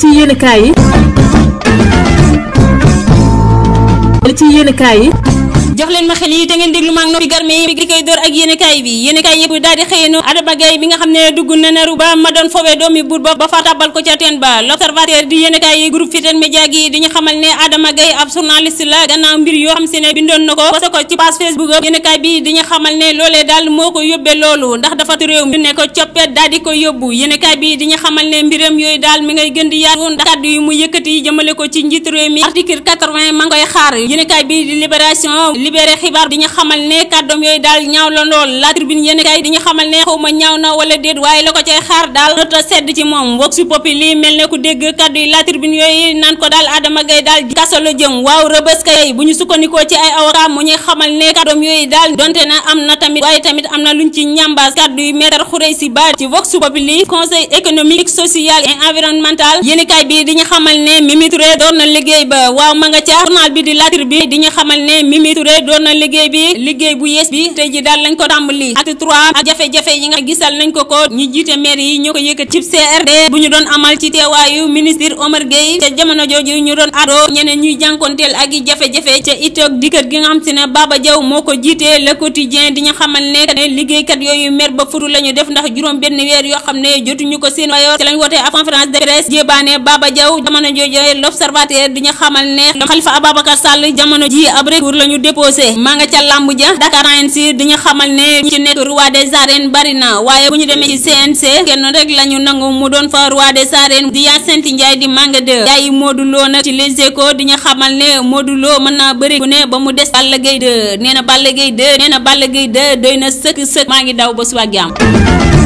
ci yenn kaay yi. ci yenn kaay yi. jox leen ma xel yi te ngeen déglu maag noppi garme yi di koy door ak nga xam ne dugg na naru ba ma doon fowe doomi buur ba fa tàbbal ko ca teen ba l'observateur di yéenekaay yi groupe Futurs Médias gi di ñu xamal ne Adama Gaye ab yoo xam ne bindoon na ko posé ko ci page Facebook am yéenekaay di ñu xamal ne loolee daal moo ko yóbbee loolu ndax dafa réew mi ne ko coppet daal di ko yóbbu yéenekaay bi di ñu xamal ne mbiram yooyu daal mi ngay gën di yaatu ndax kàddu yu mu yëkkati jëmale ko ci njiitu réew mi article ma ngi koy xaar yéenekaay bi di libération libéré xibaar di ñu xamal ne kàddoom yooyu daal ñaaw la lool la tribune yéen kay di ñu xamal ne xawma ñaaw na wala déet waaye la ko cay xaar daal nota sedd ci moom vox populi lii mel ne ku dégg kàddu yi la tribune yooyu naan ko daal Adama Gaye daal kaso la jëm waaw rëbës kay bu ñu sukkandikoo ci ay awra mu ñuy xamal ne kàddoom yooyu daal donte na di ñu xamal ne Mimi Touré na liggéey ba waaw ma nga ca journal bi di la tribune di ñu xamal ne Mimi Touré doon na liggéey bi liggéey bu yees bi tey ji daal lañ ko tàmbali acte trois ak jafe-jafe yi nga gisal nañ ko ko ñu jiite maire yi ñoo ko yëkkat ci CRD bu ñu doon amal ci teewaayu ministre Omar Gueye ca jamono jooju ñu doon adoo ñeneen ñuy jànkonteel ak i jafe-jafe ca itoog dikkat gi nga xam si ne Baba Diaw moo ko jiitee le quotidien di ñu xamal ne liggéeykat yooyu mer ba furu la ñu def ndax juróom benn weer yoo xam ne jotuñu ko seen wayoor ci lañ wootee ab conférence de presse jébaane Baba Diaw jamono jooju l'observateur di ñu xamal ne Khalifa Ababacar Sall jamono ji ab recours la ñu Socé maa nga ca làmb ja Dakar Times di ñu xamal ne ñu ci nekk roi des arènes bari na waaye bu ñu demee ci CNC kenn rek la ñu nangu mu doon fa roi des arènes di Yacine Ndiaye di Manga 2 gars yi Modou Lo nag ci Les Échos di ñu xamal ne Modou mën naa bëri ne ba mu des Balla gay 2 nee na Balla Gaye nee na Balla doy na sëkk sëkk maa ngi daw ba suba jàmm